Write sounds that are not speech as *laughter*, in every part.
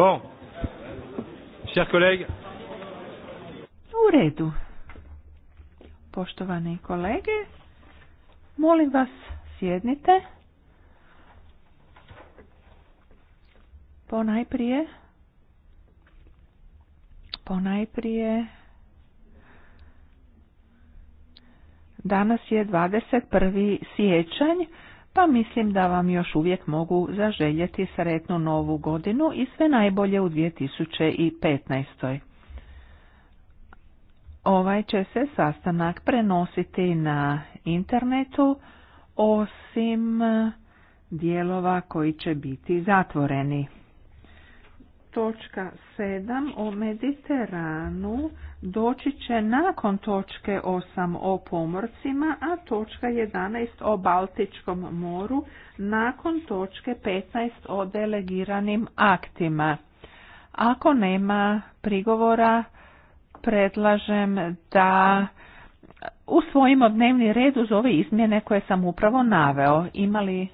Bon. Chers collègues. U redu. Poštovani kolege, molim vas sjednite. Ponajprije ponajprije Danas je 21. siječanj pa mislim da vam još uvijek mogu zaželjeti sretnu novu godinu i sve najbolje u 2015. Ovaj će se sastanak prenositi na internetu osim dijelova koji će biti zatvoreni točka 7 o Mediteranu doći će nakon točke 8 o pomorcima, a točka 11 o Baltičkom moru nakon točke 15 o delegiranim aktima. Ako nema prigovora, predlažem da usvojimo dnevni red uz ove izmjene koje sam upravo naveo. Imali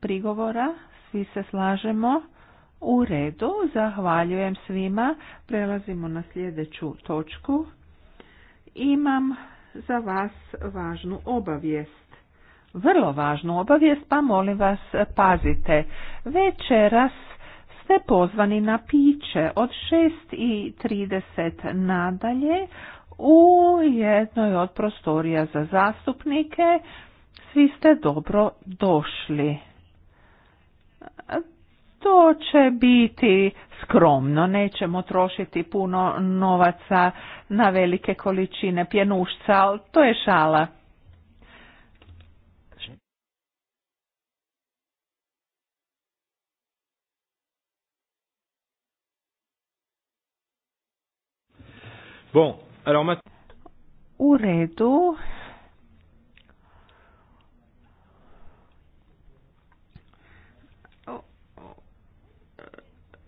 prigovora? Svi se slažemo. U redu, zahvaljujem svima. Prelazimo na sljedeću točku. Imam za vas važnu obavijest. Vrlo važnu obavijest, pa molim vas pazite. Večeras ste pozvani na piće od 6.30 nadalje u jednoj od prostorija za zastupnike. Svi ste dobro došli. To će biti skromno, nećemo trošiti puno novaca na velike količine pjenušca, ali to je šala. U redu,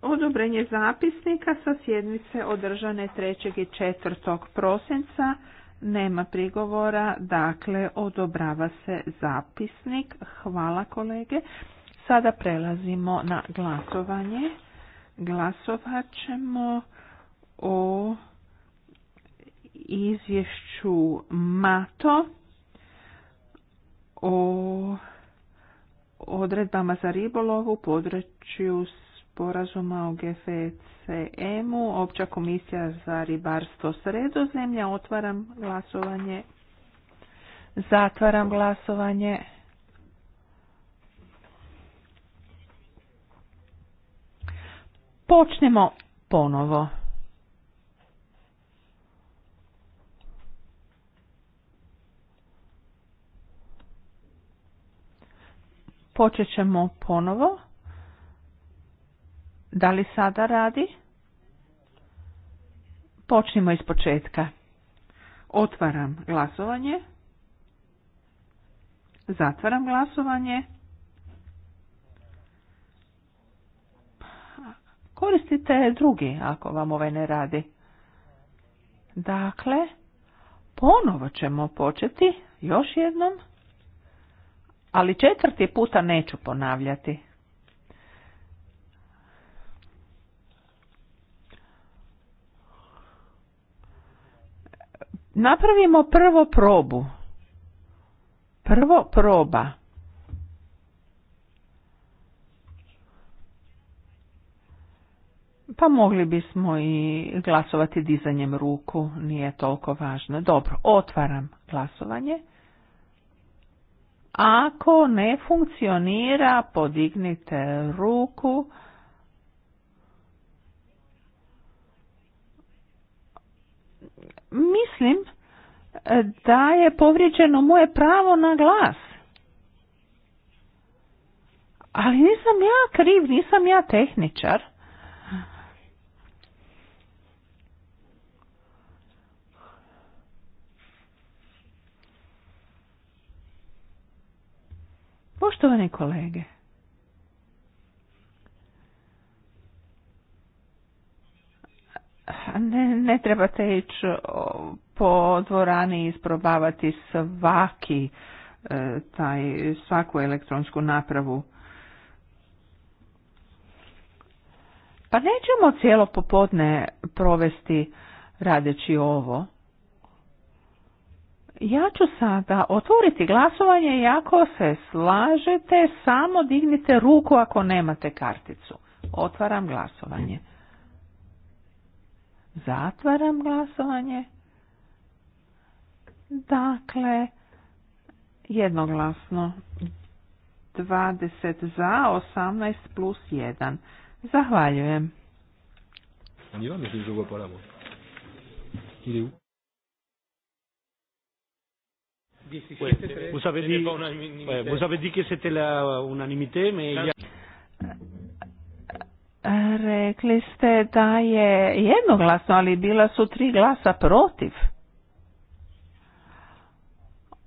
Odobrenje zapisnika sa sjednice održane 3. i 4. prosinca nema prigovora, dakle odobrava se zapisnik. Hvala kolege. Sada prelazimo na glasovanje. Glasovat ćemo o izvješću MATO o odredbama za ribolov u području sporazuma o GFCM-u, opća komisija za ribarstvo sredozemlja. Otvaram glasovanje. Zatvaram glasovanje. Počnemo ponovo. Počet ćemo ponovo. Da li sada radi? Počnimo iz početka. Otvaram glasovanje. Zatvaram glasovanje. Koristite drugi ako vam ovaj ne radi. Dakle, ponovo ćemo početi još jednom, ali četvrti puta neću ponavljati. napravimo prvo probu. Prvo proba. Pa mogli bismo i glasovati dizanjem ruku, nije toliko važno. Dobro, otvaram glasovanje. Ako ne funkcionira, podignite ruku. Mislim e, da je povrijeđeno moje pravo na glas. Ali nisam ja kriv, nisam ja tehničar. Poštovani kolege, ne, ne trebate ići po dvorani isprobavati svaki e, taj, svaku elektronsku napravu. Pa nećemo cijelo popodne provesti radeći ovo. Ja ću sada otvoriti glasovanje i ako se slažete, samo dignite ruku ako nemate karticu. Otvaram glasovanje. Zatvaram glasovanje. Dakle, jednoglasno. 20 za, 18 plus 1. Zahvaljujem. je Vous avez dit, pa vous avez dit que c'était la mais eh, Rekli ste da je jednoglasno, ali bila su tri glasa protiv.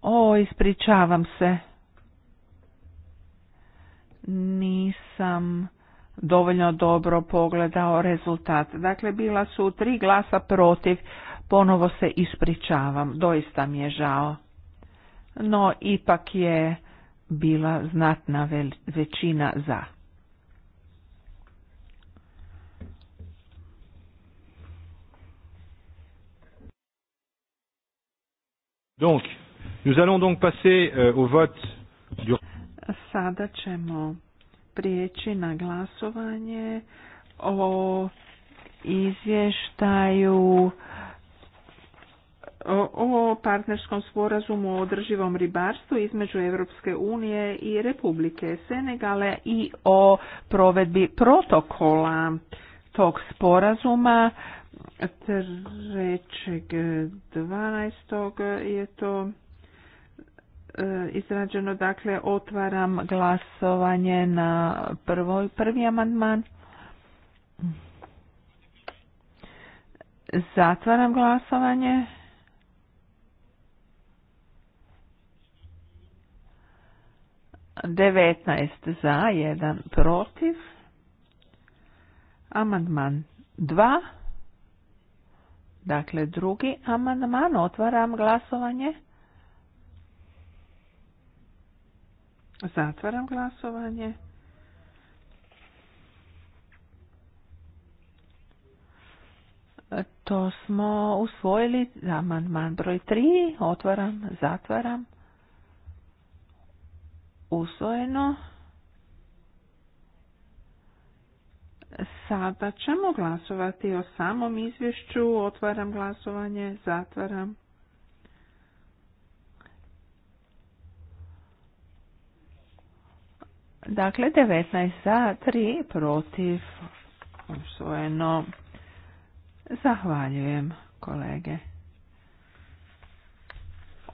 O, ispričavam se. Nisam dovoljno dobro pogledao rezultat. Dakle, bila su tri glasa protiv. Ponovo se ispričavam, doista mi je žao. No, ipak je bila znatna većina za. Donc, nous allons donc passer euh, au vote du... Sada ćemo prijeći na glasovanje o izvještaju o partnerskom sporazumu o održivom ribarstvu između Europske unije i Republike Senegale i o provedbi protokola tog sporazuma dvanaestog je to e, izrađeno, dakle otvaram glasovanje na prvoj, prvi amandman. Zatvaram glasovanje. Devetnaest za, jedan protiv. Amandman dva. Dakle, drugi amandman, otvaram glasovanje. Zatvaram glasovanje. To smo usvojili amandman broj 3. Otvaram, zatvaram. Usvojeno. Sada ćemo glasovati o samom izvješću. Otvaram glasovanje, zatvaram. Dakle, 19 za, 3 protiv, usvojeno. Zahvaljujem kolege.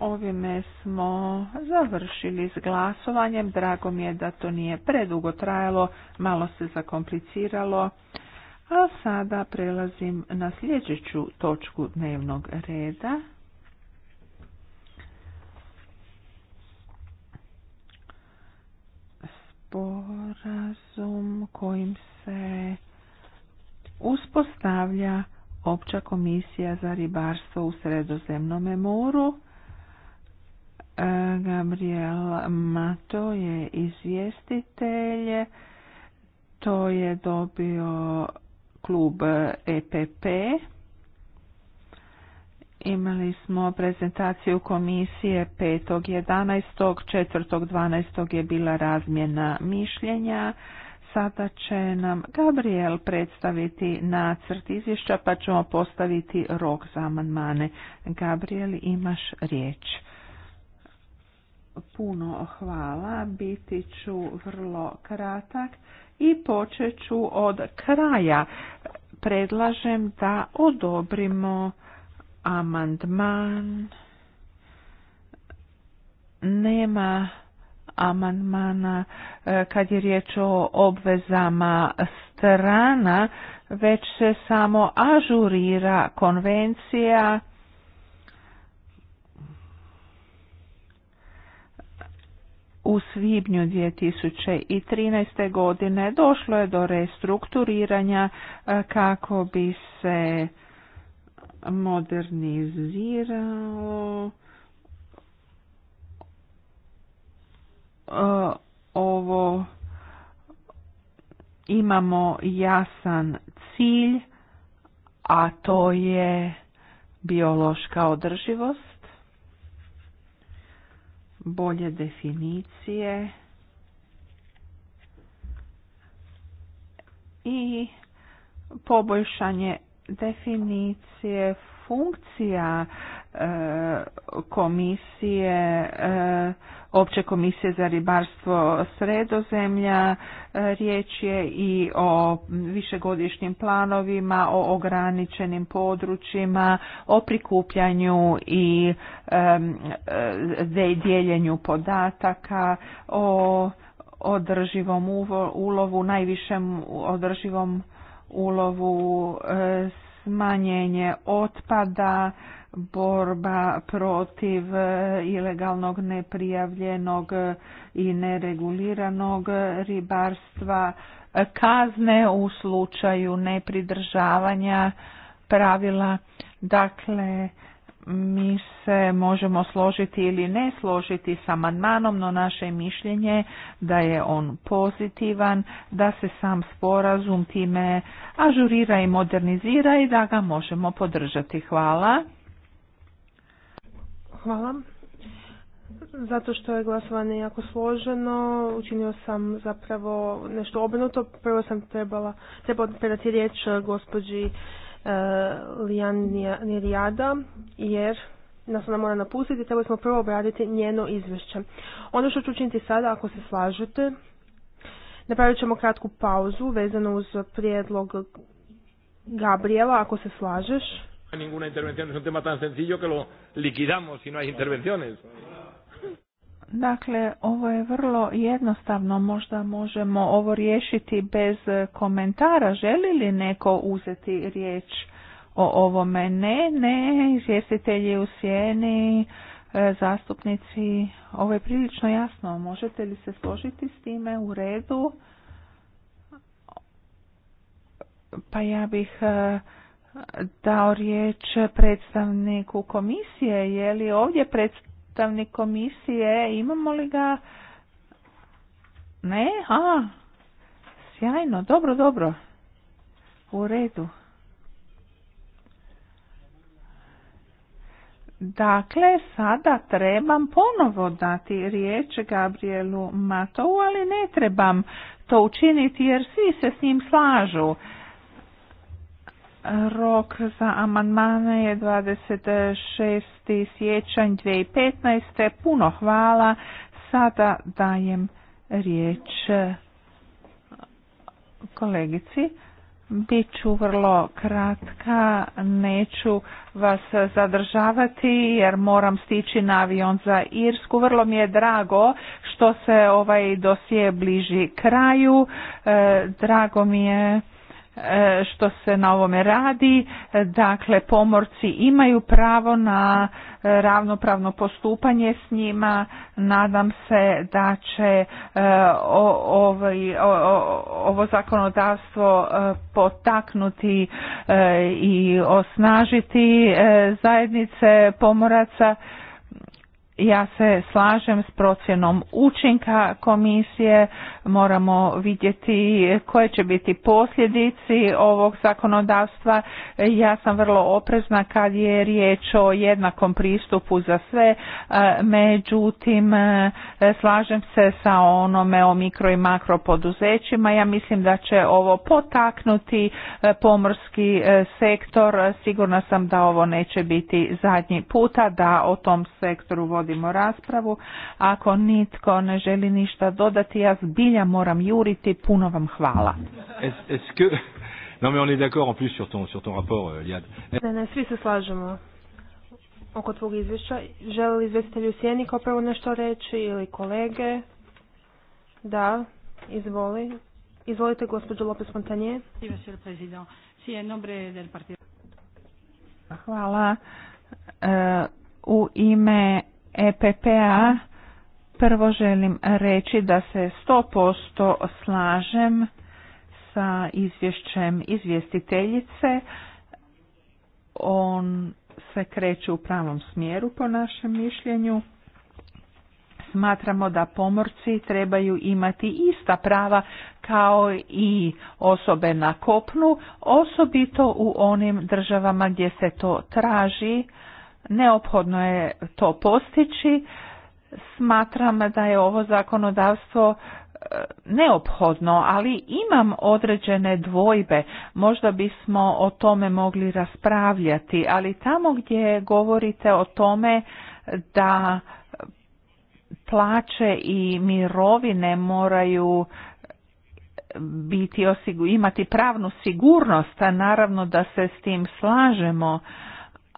Ovime smo završili s glasovanjem. Drago mi je da to nije predugo trajalo, malo se zakompliciralo. A sada prelazim na sljedeću točku dnevnog reda. Sporazum kojim se uspostavlja Opća komisija za ribarstvo u Sredozemnom moru. Gabriel Mato je izvjestitelj. To je dobio klub EPP. Imali smo prezentaciju komisije 5.11. 4.12. je bila razmjena mišljenja. Sada će nam Gabriel predstaviti nacrt izvješća pa ćemo postaviti rok za amandmane. Gabriel, imaš riječ puno hvala. Biti ću vrlo kratak i počet ću od kraja. Predlažem da odobrimo amandman. Nema amandmana e, kad je riječ o obvezama strana, već se samo ažurira konvencija u svibnju 2013. godine došlo je do restrukturiranja e, kako bi se moderniziralo e, ovo imamo jasan cilj a to je biološka održivost bolje definicije i poboljšanje definicije funkcija e, komisije, e, opće komisije za ribarstvo sredozemlja, e, riječ je i o višegodišnjim planovima, o ograničenim područjima, o prikupljanju i dijeljenju podataka, o održivom ulovu, najvišem održivom ulovu, e, smanjenje otpada, borba protiv e, ilegalnog, neprijavljenog i nereguliranog ribarstva, kazne u slučaju nepridržavanja pravila. Dakle, mi se možemo složiti ili ne složiti s amandmanom, no naše mišljenje da je on pozitivan, da se sam sporazum time ažurira i modernizira i da ga možemo podržati. Hvala. Hvala. Zato što je glasovanje jako složeno, učinio sam zapravo nešto obrnuto. Prvo sam trebala, trebala predati riječ gospođi Eh, Lijanijada jer nas ona mora napustiti, trebali smo prvo obraditi njeno izvješće. Ono što ću učiniti sada, ako se slažete, napravit ćemo kratku pauzu vezano uz prijedlog Gabriela, ako se slažeš. Ninguna intervención es un tema tan sencillo que lo liquidamos si no hay intervenciones. Dakle, ovo je vrlo jednostavno, možda možemo ovo riješiti bez komentara. Želi li neko uzeti riječ o ovome? Ne, ne, izvjestitelji u sjeni, e, zastupnici, ovo je prilično jasno. Možete li se složiti s time u redu? Pa ja bih e, dao riječ predstavniku komisije. Je li ovdje predstavnik? predstavnik komisije, imamo li ga? Ne, a, sjajno, dobro, dobro, u redu. Dakle, sada trebam ponovo dati riječ Gabrielu Matovu, ali ne trebam to učiniti jer svi se s njim slažu. Rok za amandmane je 26 siječanj 2015. Puno hvala. Sada dajem riječ e, kolegici. Biću vrlo kratka, neću vas zadržavati jer moram stići na avion za Irsku. Vrlo mi je drago što se ovaj dosije bliži kraju. E, drago mi je E, što se na ovome radi. Dakle, pomorci imaju pravo na ravnopravno postupanje s njima. Nadam se da će e, ovaj, ovo zakonodavstvo e, potaknuti i osnažiti zajednice pomoraca ja se slažem s procjenom učinka komisije, moramo vidjeti koje će biti posljedici ovog zakonodavstva. Ja sam vrlo oprezna kad je riječ o jednakom pristupu za sve, e, međutim e, slažem se sa onome o mikro i makro poduzećima. Ja mislim da će ovo potaknuti e, pomorski sektor. Sigurna sam da ovo neće biti zadnji puta da o tom sektoru vodimo raspravu. Ako nitko ne želi ništa dodati, ja zbilja moram juriti. Puno vam hvala. *laughs* Non mais on est d'accord en plus sur ton, sur ton rapport, euh, Liad. Ne, ne, svi se slažemo oko tvog izvješća. Želi li sjeni prvo nešto reći ili kolege? Da, izvoli. Izvolite, gospođo Lopez Montanje. Hvala. E, u ime EPPA, prvo želim reći da se 100% slažem sa izvješćem izvjestiteljice. On se kreće u pravom smjeru po našem mišljenju. Smatramo da pomorci trebaju imati ista prava kao i osobe na kopnu, osobito u onim državama gdje se to traži Neophodno je to postići. Smatram da je ovo zakonodavstvo e, neophodno, ali imam određene dvojbe. Možda bismo o tome mogli raspravljati, ali tamo gdje govorite o tome da plaće i mirovine moraju biti imati pravnu sigurnost, a naravno da se s tim slažemo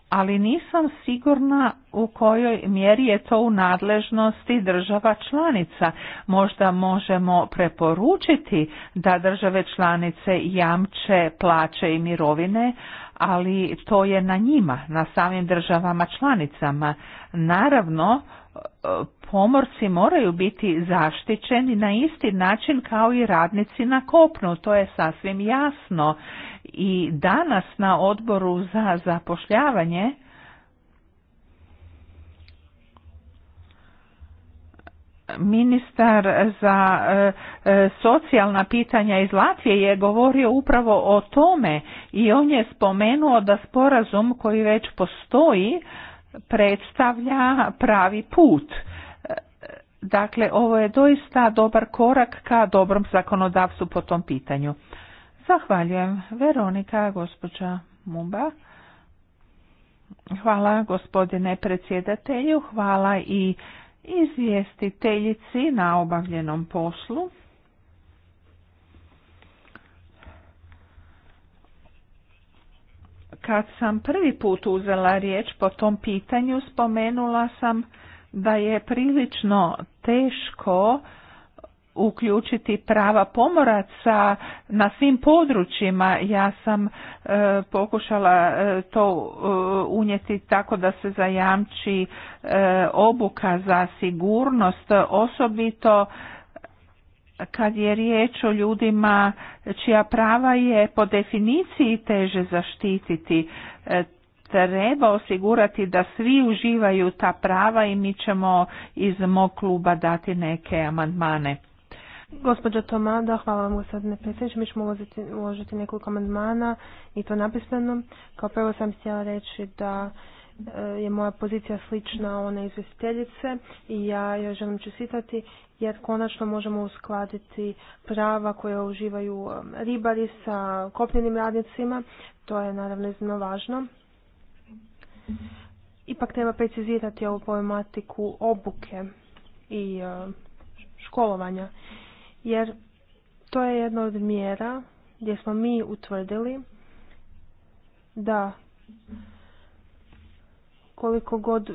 ali nisam sigurna u kojoj mjeri je to u nadležnosti država članica. Možda možemo preporučiti da države članice jamče plaće i mirovine, ali to je na njima, na samim državama članicama. Naravno, e, pomorci moraju biti zaštićeni na isti način kao i radnici na kopnu, to je sasvim jasno i danas na odboru za zapošljavanje ministar za e, e, socijalna pitanja iz Latvije je govorio upravo o tome i on je spomenuo da sporazum koji već postoji predstavlja pravi put. E, dakle, ovo je doista dobar korak ka dobrom zakonodavstvu po tom pitanju. Zahvaljujem. Veronika, gospođa Mumba. Hvala gospodine predsjedatelju, hvala i izvjestiteljici na obavljenom poslu. Kad sam prvi put uzela riječ po tom pitanju, spomenula sam da je prilično teško uključiti prava pomoraca na svim područjima. Ja sam e, pokušala e, to e, unijeti tako da se zajamči obuka za sigurnost, osobito kad je riječ o ljudima čija prava je po definiciji teže zaštititi. Treba osigurati da svi uživaju ta prava i mi ćemo iz mog kluba dati neke amandmane. Gospođa Tomada, hvala vam gospodine predsjedniče. Mi ćemo uložiti, uložiti nekoliko amandmana i to napisano. Kao prvo sam htjela reći da e, je moja pozicija slična one izvjestiteljice i ja joj želim čestitati jer konačno možemo uskladiti prava koje uživaju e, ribari sa kopnenim radnicima. To je naravno iznimno važno. Ipak treba precizirati ovu problematiku obuke i e, školovanja jer to je jedna od mjera gdje smo mi utvrdili da koliko god e,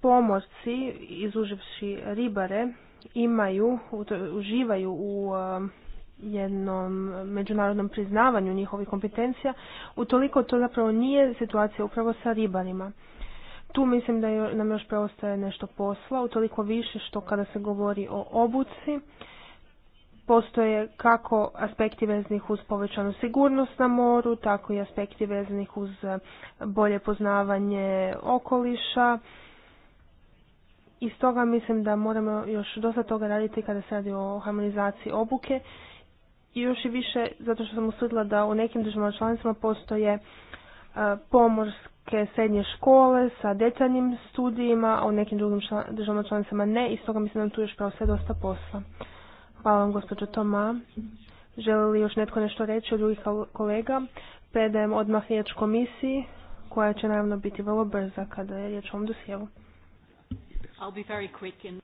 pomorci izuživši ribare imaju, uživaju u e, jednom međunarodnom priznavanju njihovih kompetencija, utoliko to zapravo nije situacija upravo sa ribarima. Tu mislim da nam još preostaje nešto posla, utoliko više što kada se govori o obuci, Postoje kako aspekti veznih uz povećanu sigurnost na moru, tako i aspekti veznih uz e, bolje poznavanje okoliša. I stoga mislim da moramo još dosta toga raditi kada se radi o harmonizaciji obuke i još i više zato što sam usudila da u nekim državama članicama postoje e, pomorske srednje škole sa detaljnim studijima, a u nekim drugim državama članicama ne i stoga mislim da tu još sve dosta posla. Hvala vam gospođo Toma. Želi li još netko nešto reći od drugih kolega? Predajem odmah riječ komisiji koja će naravno biti vrlo brza kada je riječ o ovom in...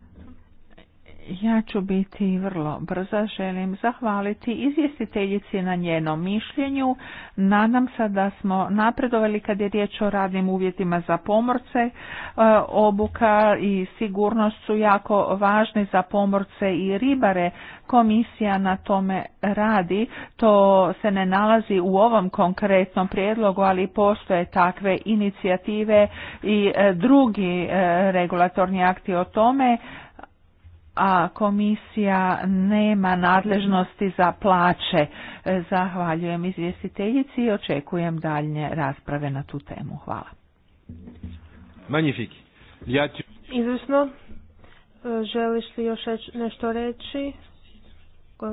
Ja ću biti vrlo brza, želim zahvaliti izvjestiteljici na njenom mišljenju. Nadam se da smo napredovali kad je riječ o radnim uvjetima za pomorce. E, obuka i sigurnost su jako važni za pomorce i ribare. Komisija na tome radi. To se ne nalazi u ovom konkretnom prijedlogu, ali postoje takve inicijative i e, drugi e, regulatorni akti o tome a komisija nema nadležnosti za plaće. E, zahvaljujem izvjestiteljici i očekujem daljnje rasprave na tu temu. Hvala. Ja ću... Izvrsno. E, želiš li još nešto reći?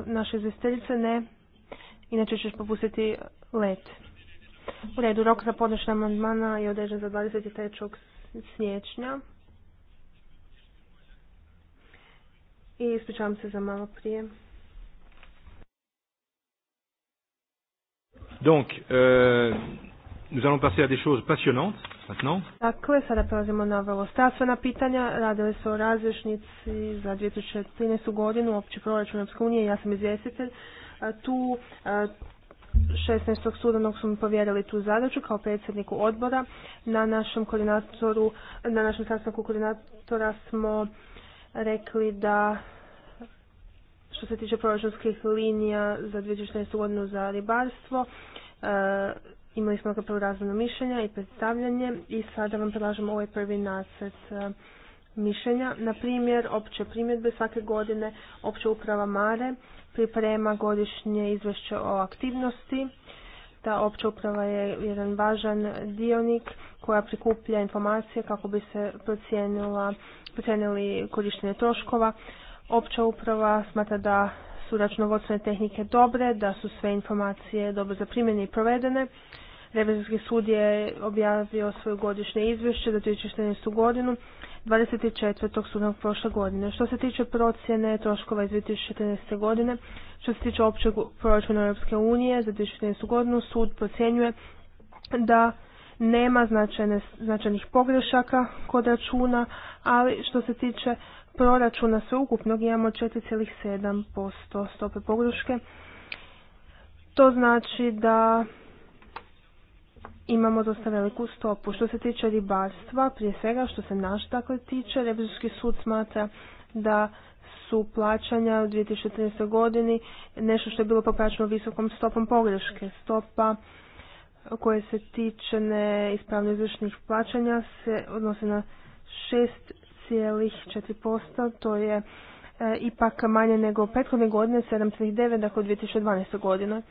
naše izvjestiteljica ne. Inače ćeš popustiti let. U redu, rok za podnošenje amandmana je određen za 23. siječnja. i ispričavam se za malo prije. Donc, euh, nous allons passer à des choses passionnantes maintenant. Dakle, sada prelazimo na vrlo strastvena pitanja. Radili su o razrešnici za 2013. godinu, opći proračun Europske unije, ja sam izvjestitelj. Tu 16. studenog su mi povjerili tu zadaću kao predsjedniku odbora. Na našem koordinatoru, na našem sastanku koordinatora smo rekli da što se tiče proračunskih linija za 2016. godinu za ribarstvo, e, imali smo prvo razvojno mišljenja i predstavljanje i sada vam predlažemo ovaj prvi nacrt e, mišljenja. Na primjer, opće primjedbe svake godine, opća uprava Mare priprema godišnje izvješće o aktivnosti. Ta opća uprava je jedan važan dionik koja prikuplja informacije kako bi se procijenila procijenili korištenje troškova. Opća uprava smatra da su računovodstvene tehnike dobre, da su sve informacije dobro zaprimljene i provedene. Revizorski sud je objavio svoje godišnje izvješće za 2014. godinu 24. sudnog prošle godine. Što se tiče procjene troškova iz 2014. godine, što se tiče općeg proračuna Europske unije za 2014. godinu, sud procjenjuje da nema značajne, značajnih pogrešaka kod računa, ali što se tiče proračuna sveukupnog imamo 4,7% stope pogreške. To znači da imamo dosta veliku stopu. Što se tiče ribarstva, prije svega što se naš dakle tiče, Revizorski sud smatra da su plaćanja u 2013. godini nešto što je bilo popraćeno visokom stopom pogreške. Stopa koje se tiče neispravno izvršnih plaćanja se odnose na 6,4%, to je e, ipak manje nego prethodne godine, 7,9, dakle 2012. godine.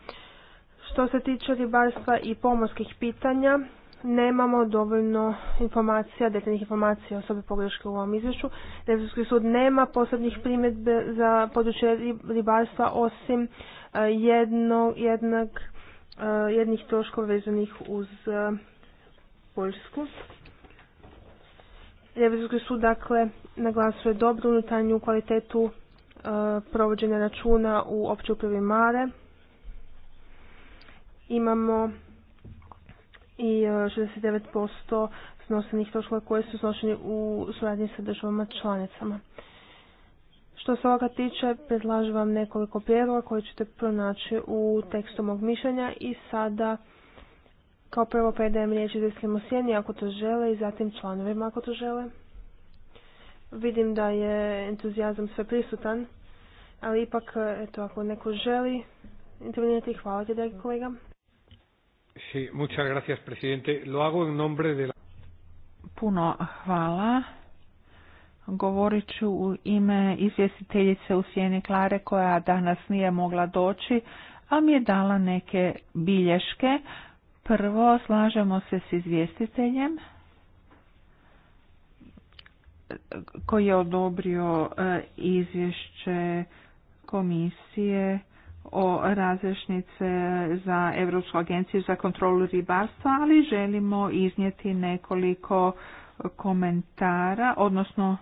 Što se tiče ribarstva i pomorskih pitanja, nemamo dovoljno informacija, detaljnih informacija o sobi pogreške u ovom izvješću. Revizorski sud nema posebnih primjedbe za područje ribarstva osim e, jednog, jednog Eh, jednih troškova vezanih uz eh, Poljsku. Revizorski sud dakle naglasuje dobru unutarnju kvalitetu eh, provođenja računa u općoj upravi Mare. Imamo i 69% snosenih troškova koje su snošeni u suradnji sa državama članicama. Što se ovoga tiče, predlažem vam nekoliko prijedloga koje ćete pronaći u tekstu mog mišljenja i sada kao prvo predajem riječ izvjetskim osjeni ako to žele i zatim članovima ako to žele. Vidim da je entuzijazam sve prisutan, ali ipak, eto, ako neko želi intervenirati, hvala ti, dragi kolega. Sí, gracias, Lo hago en nombre de la... Puno hvala. Govorit ću u ime izvjestiteljice u Sjeni Klare koja danas nije mogla doći, a mi je dala neke bilješke. Prvo slažemo se s izvjestiteljem koji je odobrio e, izvješće komisije o razrešnice za Europsku agenciju za kontrolu ribarstva, ali želimo iznijeti nekoliko komentara, odnosno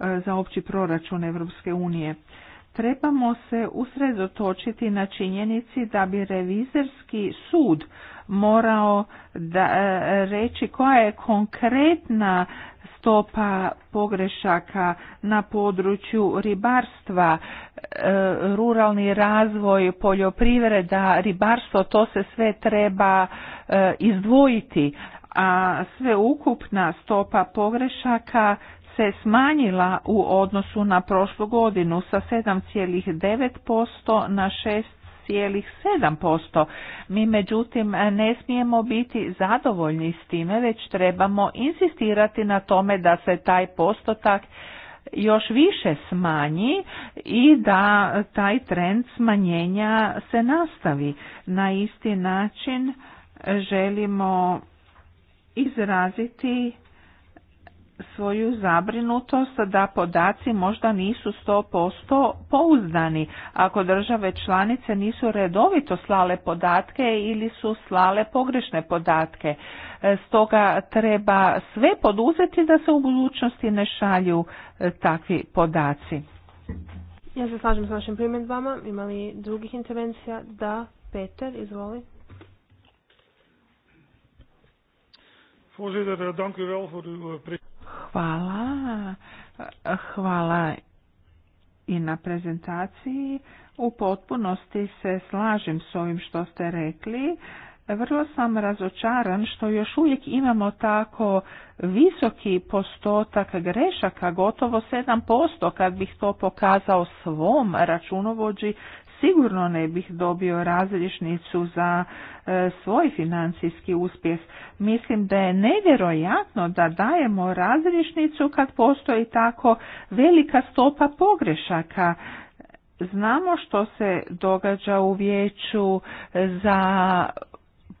E, za opći proračun Europske unije. Trebamo se usredotočiti na činjenici da bi revizorski sud morao da e, reći koja je konkretna stopa pogrešaka na području ribarstva, e, ruralni razvoj, poljoprivreda, ribarstvo, to se sve treba izdvojiti, a sve ukupna stopa pogrešaka se smanjila u odnosu na prošlu godinu sa 7,9% na 6,7%. Mi međutim ne smijemo biti zadovoljni s time, već trebamo insistirati na tome da se taj postotak još više smanji i da taj trend smanjenja se nastavi. Na isti način želimo izraziti svoju zabrinutost da podaci možda nisu 100% pouzdani ako države članice nisu redovito slale podatke ili su slale pogrešne podatke. E, stoga treba sve poduzeti da se u budućnosti ne šalju e, takvi podaci. Ja se slažem s vašim primjedbama. Imali li drugih intervencija? Da, Peter, izvoli. Voorzitter, eh, dank u wel voor uw eh, Hvala. Hvala i na prezentaciji. U potpunosti se slažem s ovim što ste rekli. Vrlo sam razočaran što još uvijek imamo tako visoki postotak grešaka, gotovo 7%, kad bih to pokazao svom računovođi, sigurno ne bih dobio različnicu za e, svoj financijski uspjeh. Mislim da je nevjerojatno da dajemo različnicu kad postoji tako velika stopa pogrešaka. Znamo što se događa u vijeću za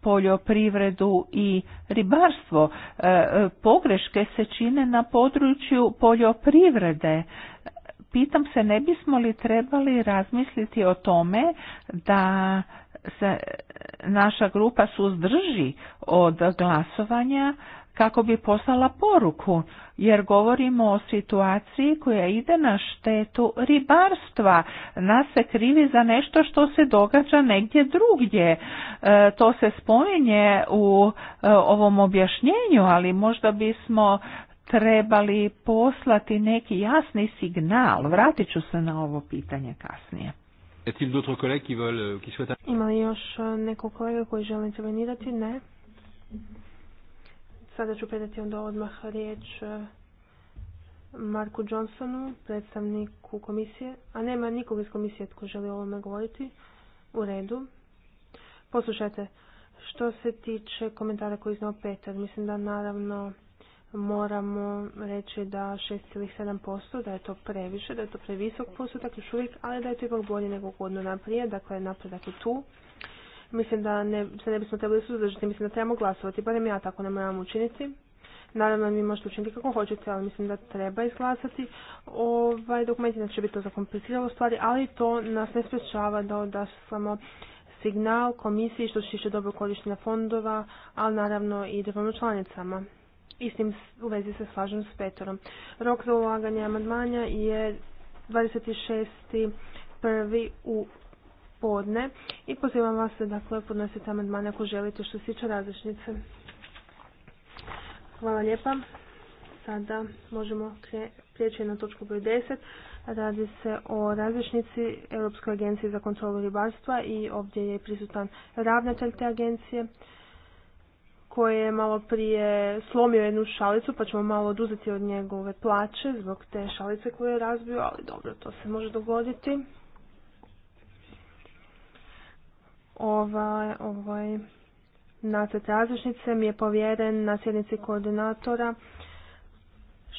poljoprivredu i ribarstvo. E, e, pogreške se čine na području poljoprivrede pitam se ne bismo li trebali razmisliti o tome da se naša grupa suzdrži od glasovanja kako bi poslala poruku, jer govorimo o situaciji koja ide na štetu ribarstva. Nas se krivi za nešto što se događa negdje drugdje. E, to se spominje u e, ovom objašnjenju, ali možda bismo trebali poslati neki jasni signal. Vratit ću se na ovo pitanje kasnije. Euh, Ima li još euh, neko kolega koji žele intervenirati? Ne. Sada ću predati onda odmah riječ euh, Marku Johnsonu, predstavniku komisije. A nema nikog iz komisije tko želi o ovome govoriti. U redu. Poslušajte, što se tiče komentara koji iznao Petar, mislim da naravno moramo reći da 6,7%, da je to previše, da je to previsok postotak još uvijek, ali da je to ipak bolje nego godinu naprijed, dakle napredak je tu. Mislim da ne, se ne bismo trebali suzdržati, mislim da trebamo glasovati, barem ja tako ne moram učiniti. Naravno, vi možete učiniti kako hoćete, ali mislim da treba izglasati ovaj dokument, inače bi to zakompliciralo stvari, ali to nas ne sprečava da odaslamo signal komisiji što se tiče dobro korištenja fondova, ali naravno i državama članicama i s tim u vezi se slažem s Petorom. Rok za ulaganje amandmanja je 26. prvi u podne i pozivam vas da dakle podnosite amandmane ako želite što se tiče različnice. Hvala lijepa. Sada možemo prijeći na točku broj 10. Radi se o različnici Europskoj agencije za kontrolu ribarstva i ovdje je prisutan ravnatelj te agencije koji je malo prije slomio jednu šalicu, pa ćemo malo oduzeti od njegove plaće zbog te šalice koju je razbio, ali dobro, to se može dogoditi. ova ovaj nacrt različnice mi je povjeren na sjednici koordinatora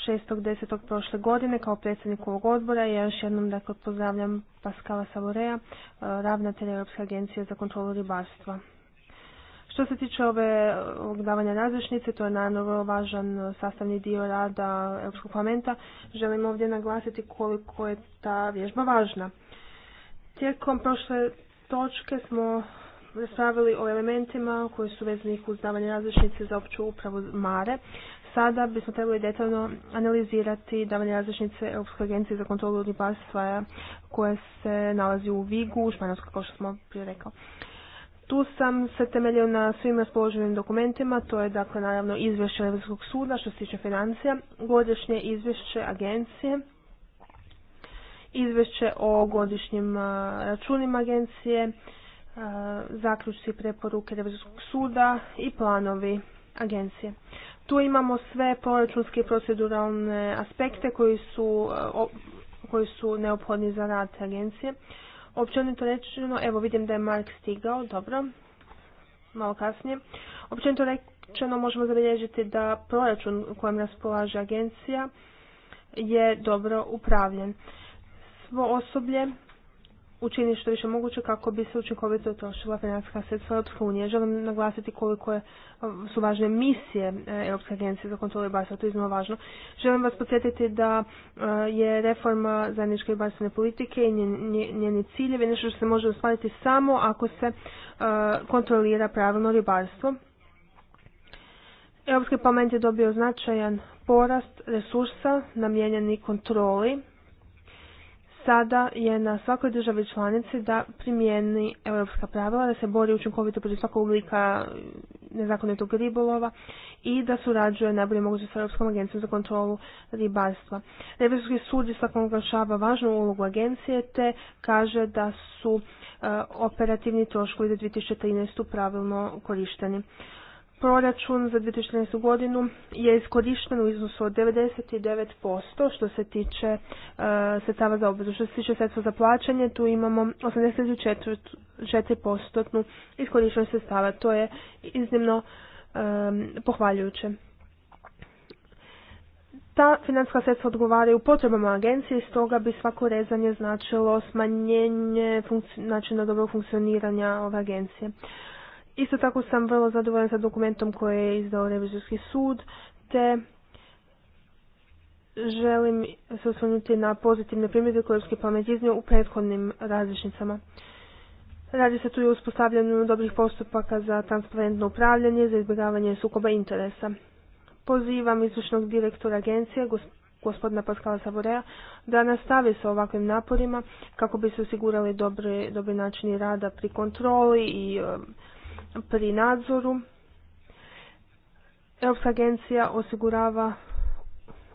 6.10. prošle godine kao predsjednik ovog odbora. Ja još jednom dakle, pozdravljam Paskala Savoreja, eh, ravnatelja Europske agencije za kontrolu ribarstva. Što se tiče ove davanja različnice, to je naravno važan sastavni dio rada Europskog parlamenta. Želim ovdje naglasiti koliko je ta vježba važna. Tijekom prošle točke smo raspravili o elementima koji su vezani uz davanje različnice za opću upravu Mare. Sada bismo trebali detaljno analizirati davanje različnice Europske agencije za kontrolu ribarstva koja se nalazi u Vigu, u Španjolskoj, kao što smo prije rekao. Tu sam se temeljio na svim raspoloživim dokumentima, to je dakle naravno izvješće Europskog suda što se tiče financija, godišnje izvješće agencije, izvješće o godišnjim računima agencije, zaključci preporuke Europskog suda i planovi agencije. Tu imamo sve proračunske i proceduralne aspekte koji su, koji su neophodni za rad agencije. Općenito rečeno, evo vidim da je Mark stigao, dobro, malo kasnije. Općenito rečeno možemo zabilježiti da proračun kojem raspolaže agencija je dobro upravljen. Svo osoblje učiniti što više moguće kako bi se učinkovito trošila financijska sredstva od unije. Želim naglasiti koliko je, su važne misije e, Europske agencije za kontrolu ribarstva, to je iznimno važno. Želim vas podsjetiti da e, je reforma zajedničke ribarstvene politike i njeni ciljevi nešto što se može ostvariti samo ako se e, kontrolira pravilno ribarstvo. Europski parlament je dobio značajan porast resursa namijenjeni kontroli sada je na svakoj državi članici da primijeni europska pravila, da se bori učinkovito protiv svakog oblika nezakonitog ribolova i da surađuje najbolje moguće sa Europskom agencijom za kontrolu ribarstva. Revizorski sud je svakog naglašava važnu ulogu agencije te kaže da su e, operativni troškovi za 2013. pravilno korišteni proračun za 2014. godinu je iskorišten u iznosu od 99% što se tiče e, sredstava za obvezu. Što se tiče sredstva za plaćanje, tu imamo 84% iskorištenost sredstava. To je iznimno pohvaljujuće. Ta financijska sredstva odgovaraju potrebama agencije stoga bi svako rezanje značilo smanjenje načina dobrog funkcioniranja ove agencije. Isto tako sam vrlo zadovoljan sa dokumentom koje je izdao revizorski sud, te želim se osvrnuti na pozitivne primjedbe koje su parlament iznio u prethodnim različnicama. Radi se tu i o uspostavljanju dobrih postupaka za transparentno upravljanje, za izbjegavanje sukoba interesa. Pozivam izvršnog direktora agencije, gospodina Paskala Savorea, da nastavi sa ovakvim naporima kako bi se osigurali dobri, dobri načini rada pri kontroli i um, pri nadzoru Europska agencija osigurava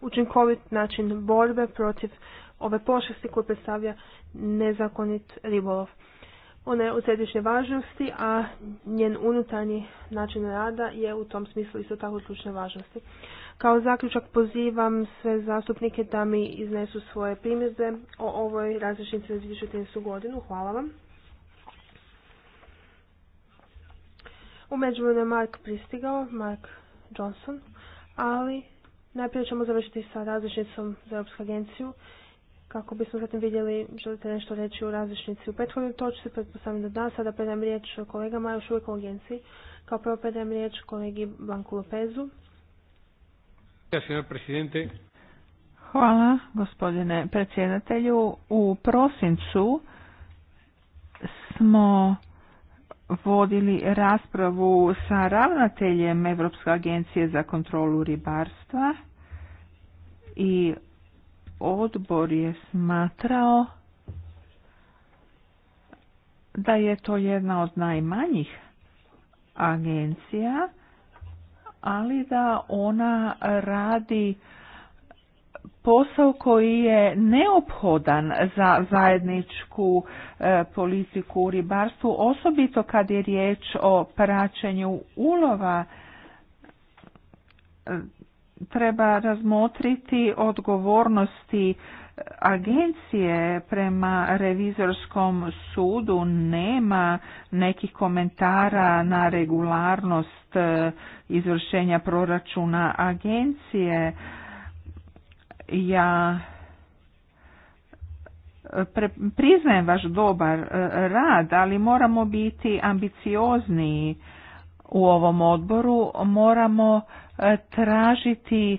učinkovit način borbe protiv ove pošasti koje predstavlja nezakonit ribolov. Ona je u središnje važnosti, a njen unutarnji način rada je u tom smislu isto tako ključne važnosti. Kao zaključak pozivam sve zastupnike da mi iznesu svoje primjedbe o ovoj različnici za 2013. godinu. Hvala vam. U međuvremenu je Mark pristigao, Mark Johnson, ali najprije ćemo završiti sa različnicom za Europsku agenciju kako bismo zatim vidjeli, želite nešto reći u različnici u prethodnoj točci, pretpostavljam da da, sada predajem riječ kolega još uvijek u agenciji. Kao prvo predajem riječ kolegi Blanku Lopezu. Hvala gospodine predsjedatelju. U prosincu smo vodili raspravu sa ravnateljem Europske agencije za kontrolu ribarstva i odbor je smatrao da je to jedna od najmanjih agencija, ali da ona radi posao koji je neophodan za zajedničku e, politiku u ribarstvu, osobito kad je riječ o praćenju ulova. E, treba razmotriti odgovornosti agencije prema revizorskom sudu nema nekih komentara na regularnost e, izvršenja proračuna agencije ja e, priznajem vaš dobar e, rad, ali moramo biti ambiciozniji u ovom odboru, moramo e, tražiti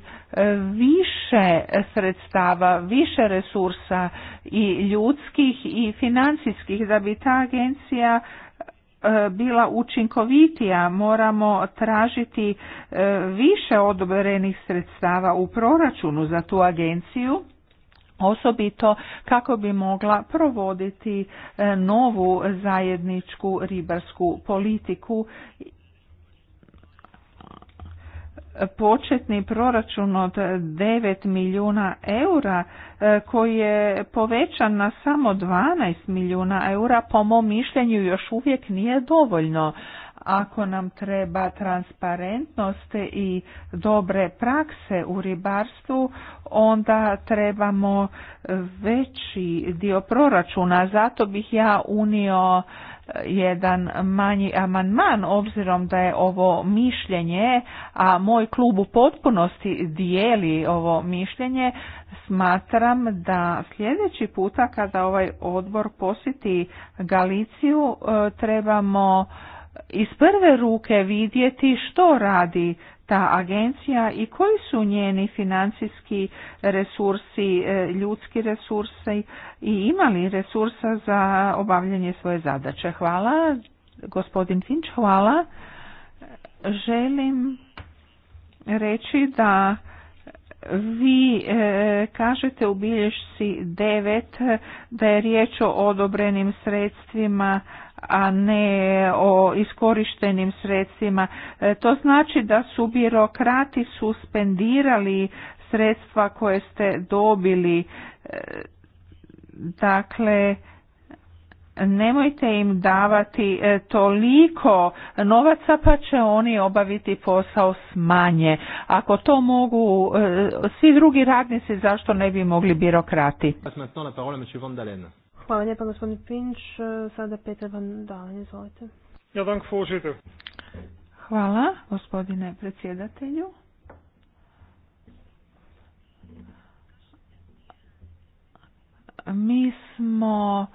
više sredstava, više resursa i ljudskih i financijskih da bi ta agencija E, bila učinkovitija, moramo tražiti e, više odobrenih sredstava u proračunu za tu agenciju osobito kako bi mogla provoditi e, novu zajedničku ribarsku politiku početni proračun od 9 milijuna eura e, koji je povećan na samo 12 milijuna eura po mom mišljenju još uvijek nije dovoljno. Ako nam treba transparentnost i dobre prakse u ribarstvu, onda trebamo veći dio proračuna. Zato bih ja unio eh, jedan manji amandman obzirom da je ovo mišljenje, a moj klub u potpunosti dijeli ovo mišljenje, smatram da sljedeći puta kada ovaj odbor posjeti Galiciju eh, trebamo iz prve ruke vidjeti što radi ta agencija i koji su njeni financijski resursi, e, ljudski resursi i imali resursa za obavljanje svoje zadaće. Hvala, gospodin Finč, hvala. Želim reći da vi e, kažete u bilješci 9 da je riječ o odobrenim sredstvima a ne o iskorištenim sredstvima. E, to znači da su birokrati suspendirali sredstva koje ste dobili. E, dakle, nemojte im davati e, toliko novaca pa će oni obaviti posao s manje. Ako to mogu svi drugi radnici, zašto ne bi mogli birokrati? Hvala lijepa gospodin Pinč. E, sada Petar Van Dalen, izvolite. Ja, dank voorzitter. Hvala gospodine predsjedatelju. Mi smo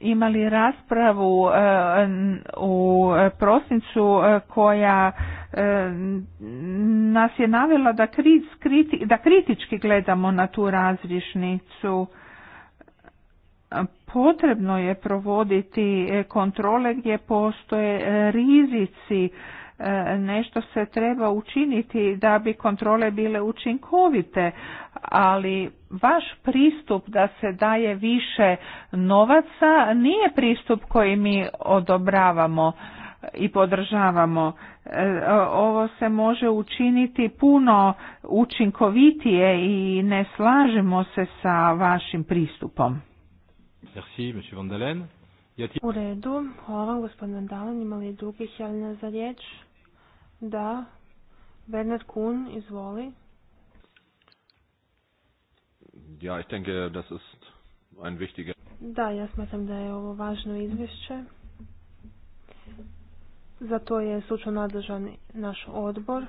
imali raspravu e, u prosincu e, koja nas je navela da kritički gledamo na tu razrišnicu potrebno je provoditi e, kontrole gdje postoje e, rizici e, nešto se treba učiniti da bi kontrole bile učinkovite, ali vaš pristup da se daje više novaca nije pristup koji mi odobravamo i podržavamo. Ovo se može učiniti puno učinkovitije i ne slažemo se sa vašim pristupom. Merci, monsieur Van Dalen. U redu, hvala vam gospodin Van Dalen, ima drugih za riječ? Da, Bernard Kuhn, izvoli. Ja, ich denke, das ist ein wichtiger... Da, ja smatram da je ovo važno izvješće. Za to je slučaj nadležan naš odbor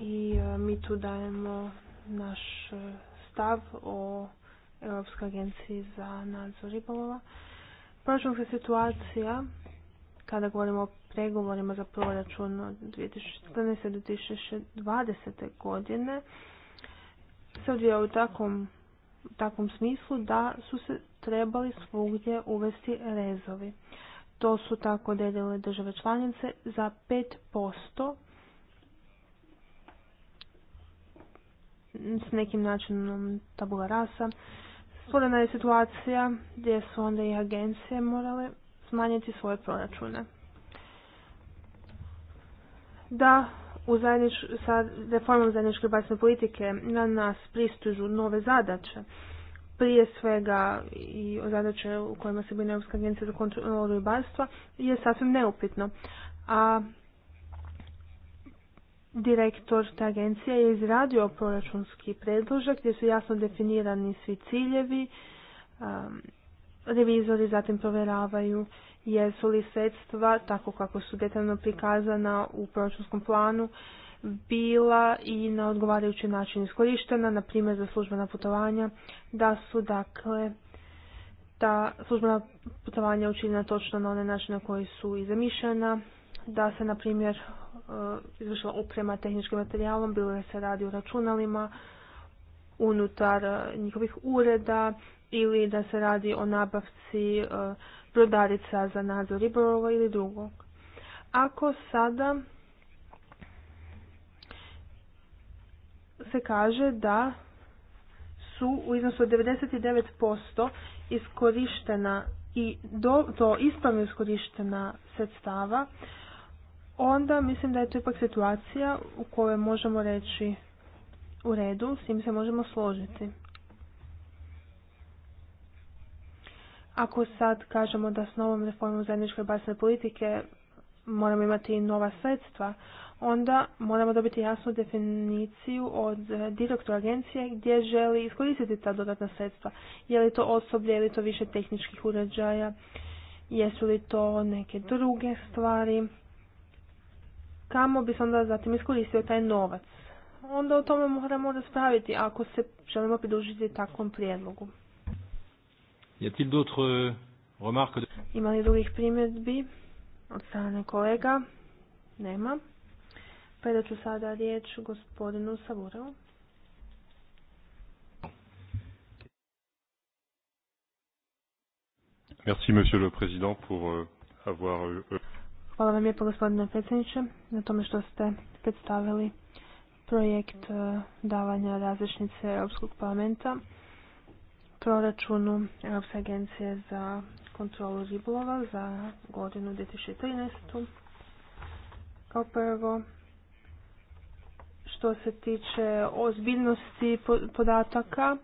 i e, mi tu dajemo naš e, stav o Europskoj agenciji za nadzor ribolova. se situacija, kada govorimo o pregovorima za proračun od 2014. do 2020. godine, se odvija u takvom, takvom smislu da su se trebali svugdje uvesti rezovi. To su tako delile države članice za 5% s nekim načinom tabula rasa Stvorena je situacija gdje su onda i agencije morale smanjiti svoje proračune. Da, u zajednič, sa reformom zajedničke basne politike na nas pristužu nove zadaće. Prije svega i zadaće u kojima se bine Europska agencija za kontrolu ribarstva je sasvim neupitno. A direktor te agencije je izradio proračunski predložak gdje su jasno definirani svi ciljevi. Um, revizori zatim provjeravaju jesu li sredstva, tako kako su detaljno prikazana u proračunskom planu, bila i na odgovarajući način iskorištena, na primjer za službena putovanja, da su dakle ta službena putovanja učinjena točno na one na koji su i zamišljena, da se na primjer E, izvršila oprema tehničkim materijalom, bilo da se radi o računalima unutar e, njihovih ureda ili da se radi o nabavci e, brodarica za nadzor ribolova ili drugog. Ako sada se kaže da su u iznosu od 99% iskorištena i do, to ispravno iskorištena sredstava onda mislim da je to ipak situacija u kojoj možemo reći u redu, s tim se možemo složiti. Ako sad kažemo da s novom reformom zajedničke basne politike moramo imati nova sredstva, onda moramo dobiti jasnu definiciju od direktora agencije gdje želi iskoristiti ta dodatna sredstva. Je li to osoblje, je li to više tehničkih uređaja, jesu li to neke druge stvari kamo bi se onda zatim iskoristio taj novac. Onda o tome moramo raspraviti ako se želimo pridružiti takvom prijedlogu. Euh, Ima li drugih primjedbi od strane kolega? Nema. Predat ću sada riječ gospodinu Savurevu. Merci, monsieur le président, pour euh, avoir euh, Hvala vam lijepo gospodine predsjedniče na tome što ste predstavili projekt e, davanja različnice Europskog parlamenta proračunu Europske agencije za kontrolu ribolova za godinu 2013. Kao prvo, što se tiče ozbiljnosti podataka,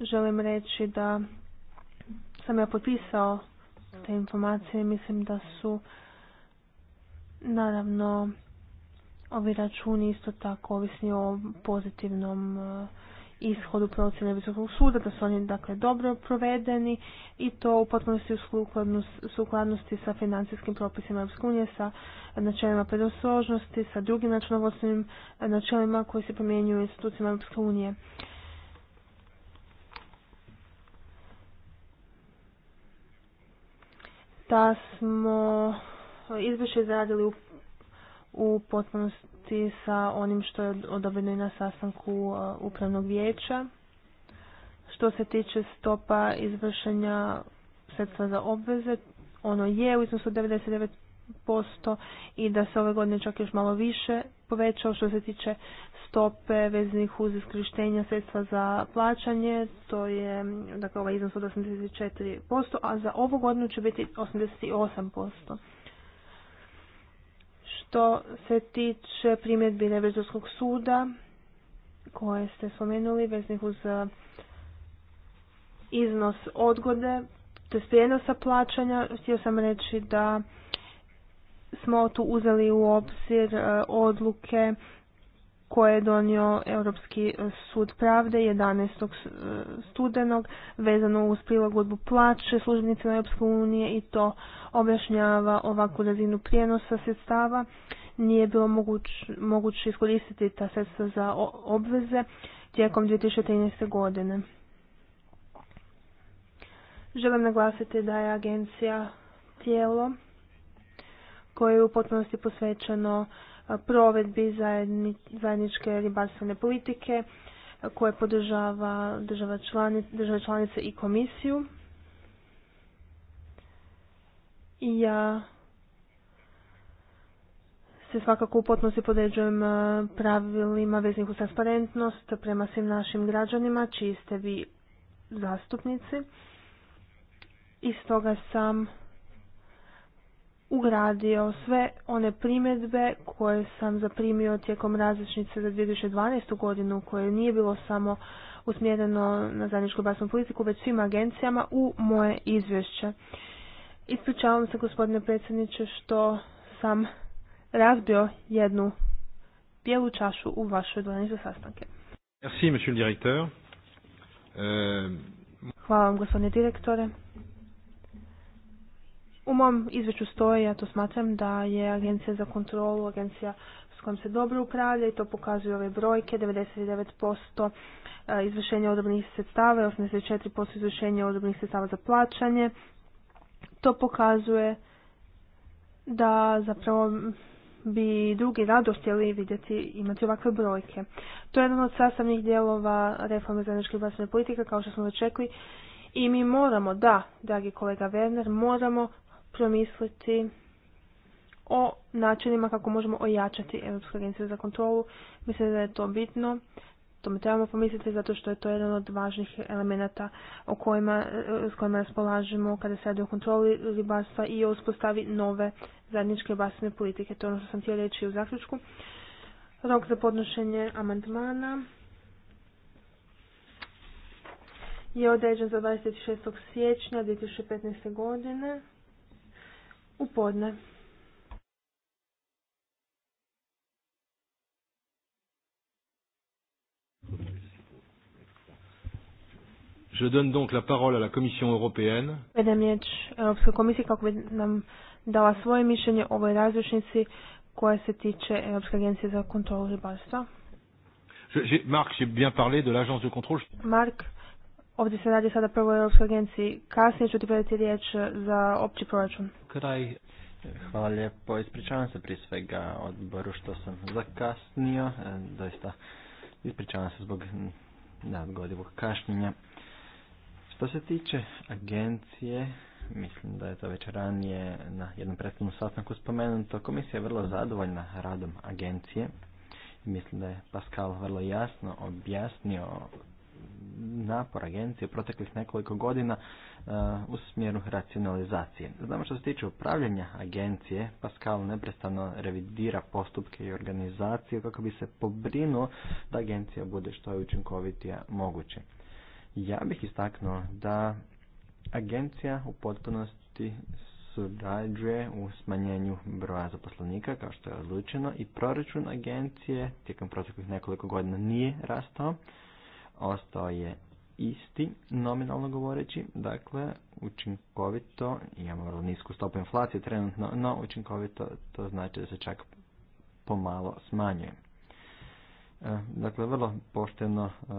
želim reći da sam ja potpisao te informacije mislim da su naravno ovi računi isto tako ovisni o pozitivnom e, ishodu procjene visokog suda, da su oni dakle dobro provedeni i to u potpunosti u sukladnosti sa financijskim propisima Europske unije, sa načelima predosložnosti, sa drugim računovodstvenim e, načelima koji se primjenjuju institucijama Europske unije. da smo izvješće izradili u, u potpunosti sa onim što je odobreno i na sastanku upravnog vijeća. Što se tiče stopa izvršenja sredstva za obveze, ono je u iznosu 99% i da se ove godine čak još malo više povećao što se tiče stope veznih uz iskrištenja sredstva za plaćanje, to je dakle, ovaj iznos od 84%, a za ovu godinu će biti 88%. Što se tiče primjedbi Revizorskog suda, koje ste spomenuli, veznih uz eh, iznos odgode, to je prijenosa plaćanja, htio sam reći da smo tu uzeli u obzir e, odluke koje je donio Europski e, sud pravde 11. E, studenog vezano uz prilagodbu plaće službenicima Europske unije i to objašnjava ovakvu razinu prijenosa sredstava. Nije bilo moguće iskoristiti ta sredstva za obveze tijekom 2013. godine. Želim naglasiti da je agencija tijelo koje je u potpunosti posvećeno provedbi zajedničke ribarstvene politike koje podržava država članice, države članice i komisiju. I ja se svakako u potpunosti podređujem pravilima veznih u transparentnost prema svim našim građanima, čiji ste vi zastupnici. I stoga sam ugradio sve one primjedbe koje sam zaprimio tijekom različnice za 2012. godinu koje nije bilo samo usmjereno na zajedničku basnu politiku već svim agencijama u moje izvješće. Ispričavam se gospodine predsjedniče što sam razbio jednu bijelu čašu u vašoj dvorani sastanke. Euh, Hvala vam gospodine direktore. U mom izveću stoji, ja to smatram, da je agencija za kontrolu, agencija s kojom se dobro upravlja i to pokazuju ove brojke, 99% e, izvršenja odobrenih sredstava, 84% izvršenja odobrenih sredstava za plaćanje. To pokazuje da zapravo bi drugi rado htjeli vidjeti imati ovakve brojke. To je jedan od sastavnih dijelova reforme zajedničke vlastne politike, kao što smo već I mi moramo, da, dragi kolega Werner, moramo promisliti o načinima kako možemo ojačati Europsku agenciju za kontrolu. Mislim da je to bitno. mi trebamo pomisliti zato što je to jedan od važnih elemenata o kojima, s kojima raspolažemo kada se radi o kontroli ribarstva i o uspostavi nove zajedničke ribarstvene politike. To je ono što sam htio reći u zaključku. Rok za podnošenje amandmana je određen za 26. siječnja 2015. godine u podne. Je donne donc la parole à la Commission européenne. Predam riječ Europskoj komisiji kako bi nam dala svoje mišljenje o ovoj različnici koja se tiče Europske agencije za kontrolu ribarstva. Marc, j'ai bien parlé de l'agence de contrôle. Marc, Ovdje se radi sada prvo Europskoj agenciji. Kasnije ću ti predati riječ za opći proračun. Kraj. Hvala lijepo. Ispričavam se prije svega odboru što sam zakasnio. E, doista ispričavam se zbog neodgodivog kašnjenja. Što se tiče agencije, mislim da je to već ranije na jednom prethodnom sastanku spomenuto, komisija je vrlo zadovoljna radom agencije. Mislim da je Pascal vrlo jasno objasnio napor agencije u proteklih nekoliko godina e, u smjeru racionalizacije. Znamo što se tiče upravljanja agencije, Pascal neprestano revidira postupke i organizacije kako bi se pobrinuo da agencija bude što je učinkovitija moguće. Ja bih istaknuo da agencija u potpunosti surađuje u smanjenju broja zaposlenika kao što je odlučeno i proračun agencije tijekom proteklih nekoliko godina nije rastao ostao je isti, nominalno govoreći, dakle, učinkovito, imamo vrlo nisku stopu inflacije trenutno, no učinkovito to znači da se čak pomalo smanjuje. E, dakle, vrlo pošteno e,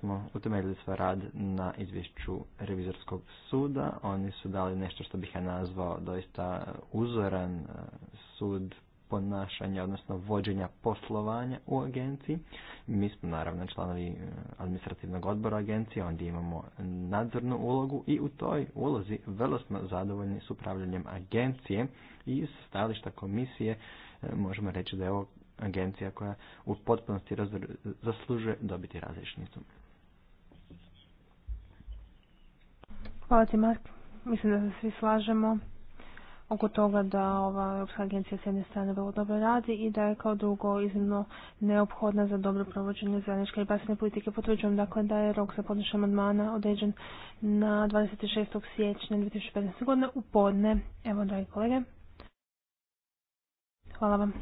smo utemeljili svoj rad na izvješću revizorskog suda. Oni su dali nešto što bih ja nazvao doista uzoran e, sud ponašanja, odnosno vođenja poslovanja u agenciji. Mi smo naravno članovi e, administrativnog odbora agencije, ondje imamo nadzornu ulogu i u toj ulozi vrlo smo zadovoljni s upravljanjem agencije i iz stajališta komisije e, možemo reći da je ovo agencija koja u potpunosti zaslužuje dobiti različnicu. Hvala ti Mark. Mislim da se svi slažemo oko toga da ova Europska agencija s jedne strane vrlo dobro radi i da je kao drugo iznimno neophodna za dobro provođenje zajedničke ribarstvene politike. Potvrđujem dakle da je rok za podnošenje amandmana određen na 26. siječnja 2015. godine u podne. Evo, dragi kolege. Hvala vam.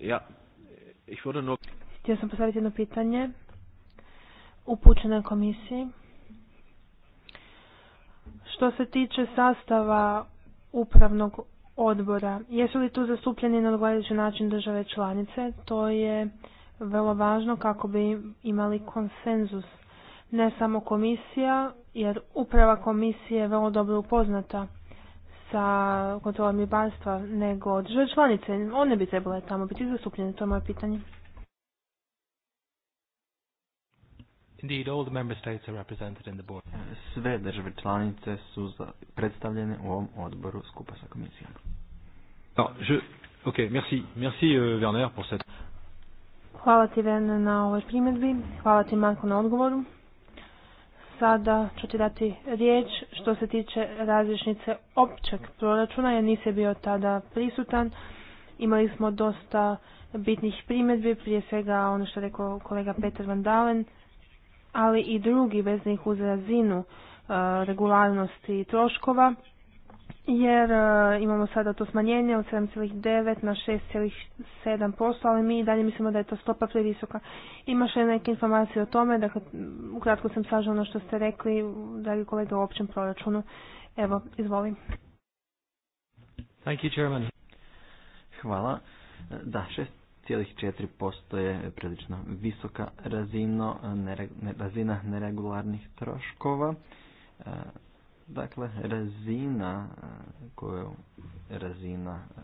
Ja, Htio sam postaviti jedno pitanje upućeno komisiji. Što se tiče sastava upravnog odbora, jesu li tu zastupljeni na odgovarajući način države članice? To je vrlo važno kako bi imali konsenzus. Ne samo komisija, jer uprava komisije je vrlo dobro upoznata sa kontrolom ribarstva nego države članice. One bi trebale tamo biti zastupljene, to je moje pitanje. Indeed, all the member states are represented in the board. Sve države članice su predstavljene u ovom odboru skupa sa komisijom. No, je, ok, merci, merci euh, Werner pour cette... Hvala ti Werner na ovoj primjedbi, hvala ti Marko na odgovoru. Sada ću ti dati riječ što se tiče različnice općeg proračuna, jer nisi bio tada prisutan. Imali smo dosta bitnih primjedbi, prije svega ono što je rekao kolega Peter Van Dalen, ali i drugi veznih uz razinu e, regularnosti troškova jer e, imamo sada to smanjenje od 7,9 na 6,7%, ali mi i dalje mislimo da je to stopa previsoka. Imaš li neke informacije o tome, dakle, ukratko sam sažao ono što ste rekli, dragi kolega u općem proračunu. Evo, izvolim. Thank you, Chairman. Hvala. Da, 6,4% je prilično visoka razino, razina neregularnih troškova. E, Dakle, razina eh, koju razina eh,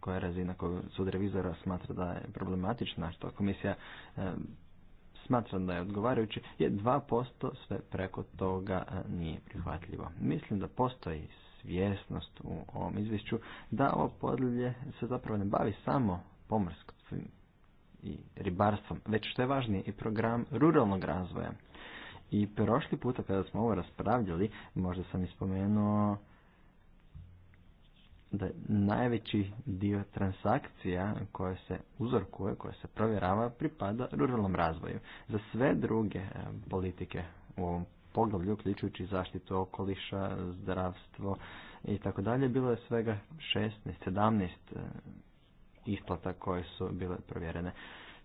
koja razina koju sud revizora smatra da je problematična, što komisija eh, smatra da je odgovarajući, je 2%, sve preko toga nije prihvatljivo. Mislim da postoji svjesnost u ovom izvješću da ovo podlje se zapravo ne bavi samo pomorskom i ribarstvom, već što je važnije i program ruralnog razvoja. I prošli puta kada smo ovo raspravljali, možda sam ispomenuo da je najveći dio transakcija koje se uzorkuje, koje se provjerava, pripada ruralnom razvoju. Za sve druge e, politike u ovom poglavlju, uključujući zaštitu okoliša, zdravstvo i tako dalje, bilo je svega 16, 17 e, isplata koje su bile provjerene.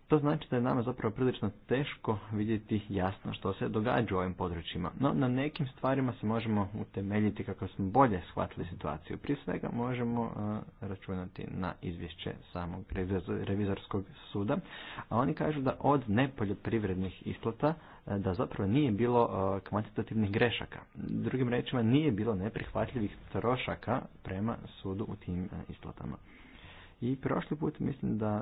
To znači da je nama zapravo prilično teško vidjeti jasno što se događa u ovim područjima. No, na nekim stvarima se možemo utemeljiti kako smo bolje shvatili situaciju. Prije svega možemo e, računati na izvješće samog revizorskog suda, a oni kažu da od nepoljoprivrednih isplata e, da zapravo nije bilo e, kvantitativnih grešaka. Drugim rečima, nije bilo neprihvatljivih trošaka prema sudu u tim isplatama. I prošli put mislim da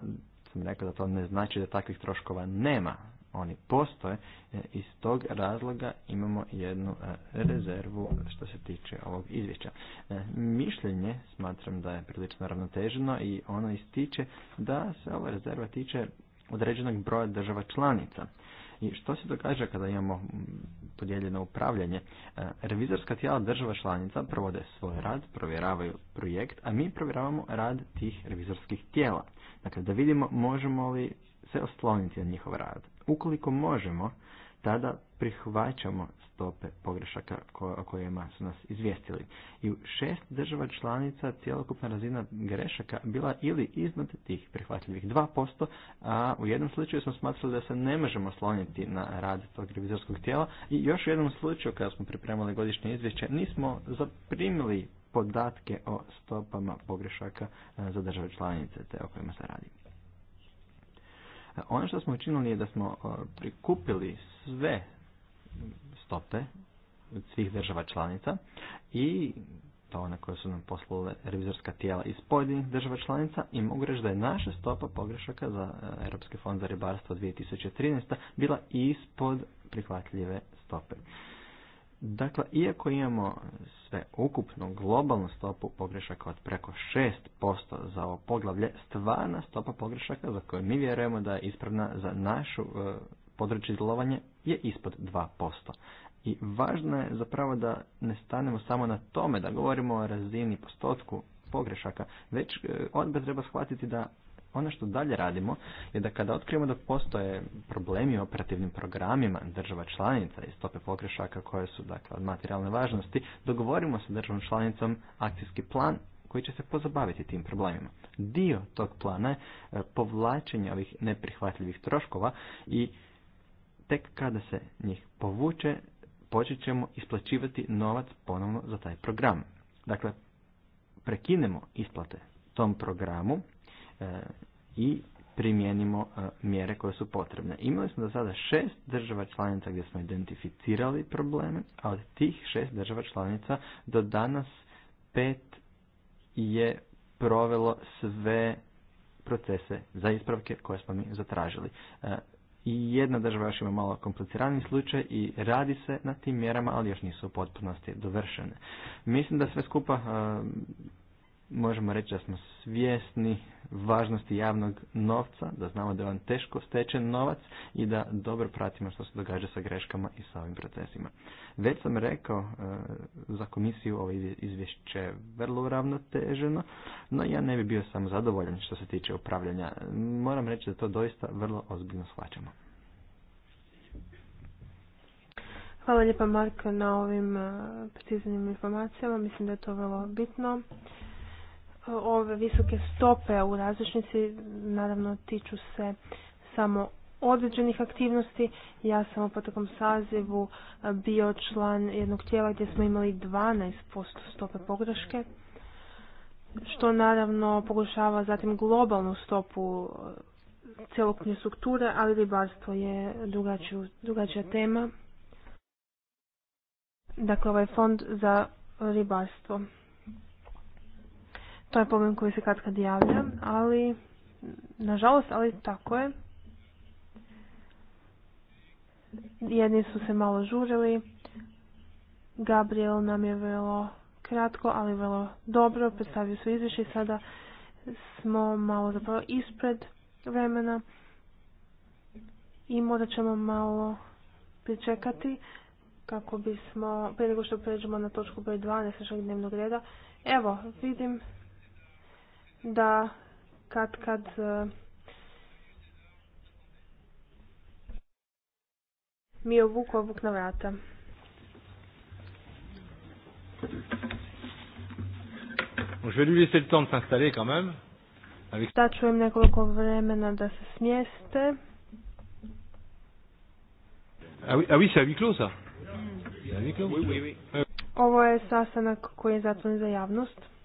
rekao da to ne znači da takvih troškova nema. Oni postoje. E, iz tog razloga imamo jednu e, rezervu što se tiče ovog izvješća. E, mišljenje smatram da je prilično ravnoteženo i ono ističe da se ova rezerva tiče određenog broja država članica. I što se događa kada imamo podijeljeno upravljanje. E, revizorska tijela država članica provode svoj rad, provjeravaju projekt, a mi provjeravamo rad tih revizorskih tijela. Dakle, da vidimo možemo li se osloniti na njihov rad. Ukoliko možemo, tada prihvaćamo stope pogrešaka o kojima su nas izvijestili. I u šest država članica cjelokupna razina grešaka bila ili iznad tih prihvatljivih 2%, a u jednom slučaju smo smatrali da se ne možemo sloniti na rad tog revizorskog tijela i još u jednom slučaju kada smo pripremali godišnje izvješće nismo zaprimili podatke o stopama pogrešaka e, za države članice te o kojima se radi. E, ono što smo učinili je da smo e, prikupili sve stope od svih država članica i to one koje su nam poslale revizorska tijela iz pojedinih država članica i mogu reći da je naša stopa pogrešaka za e, Europski fond za ribarstvo 2013. bila ispod prihvatljive stope. Dakle, iako imamo sve ukupnu globalnu stopu pogrešaka od preko 6% za ovo poglavlje, stvarna stopa pogrešaka za koju mi vjerujemo da je ispravna za našu e, područje izlovanje je ispod 2%. I važno je zapravo da ne stanemo samo na tome, da govorimo o razini postotku pogrešaka, već e, odbe treba shvatiti da ono što dalje radimo je da kada otkrijemo da postoje problemi u operativnim programima država članica i stope pogrešaka koje su dakle, od materijalne važnosti, dogovorimo sa državom članicom akcijski plan koji će se pozabaviti tim problemima. Dio tog plana je e, povlačenje ovih neprihvatljivih troškova i tek kada se njih povuče, počet ćemo isplaćivati novac ponovno za taj program. Dakle, prekinemo isplate tom programu e, i primijenimo e, mjere koje su potrebne. Imali smo do sada šest država članica gdje smo identificirali probleme, a od tih šest država članica do danas pet je provelo sve procese za ispravke koje smo mi zatražili. E, jedna država još ima malo komplicirani slučaj i radi se na tim mjerama, ali još nisu u potpunosti dovršene. Mislim da sve skupa možemo reći da smo svjesni važnosti javnog novca, da znamo da je on teško stečen novac i da dobro pratimo što se događa sa greškama i sa ovim procesima. Već sam rekao e, za komisiju ovo izvješće je vrlo uravnoteženo, no ja ne bi bio samo zadovoljan što se tiče upravljanja. Moram reći da to doista vrlo ozbiljno shvaćamo. Hvala lijepa Marko na ovim e, preciznim informacijama. Mislim da je to vrlo bitno ove visoke stope u različnici naravno tiču se samo određenih aktivnosti. Ja sam u potakom sazivu e, bio član jednog tijela gdje smo imali 12% stope pogreške, što naravno pokušava zatim globalnu stopu e, cjelokupne strukture, ali ribarstvo je drugačija tema. Dakle, ovaj fond za ribarstvo. To je problem koji se kad kad javlja, ali nažalost, ali tako je. Jedni su se malo žurili. Gabriel nam je velo kratko, ali vrlo dobro predstavio su izvješće i sada smo malo zapravo ispred vremena i morat ćemo malo pričekati kako bismo, prije nego što pređemo na točku broj 12 našeg dnevnog reda, evo, vidim da kad kad e, mi je vuk ovuk na vrata. Je vais lui laisser le temps de s'installer quand même. Avec... Da ću im nekoliko vremena da se smjeste. Ah oui, ah oui c'est à huis clos ça. Mm. Oui, oui, oui. Euh. Ovo je sastanak koji je zatvoren za javnost.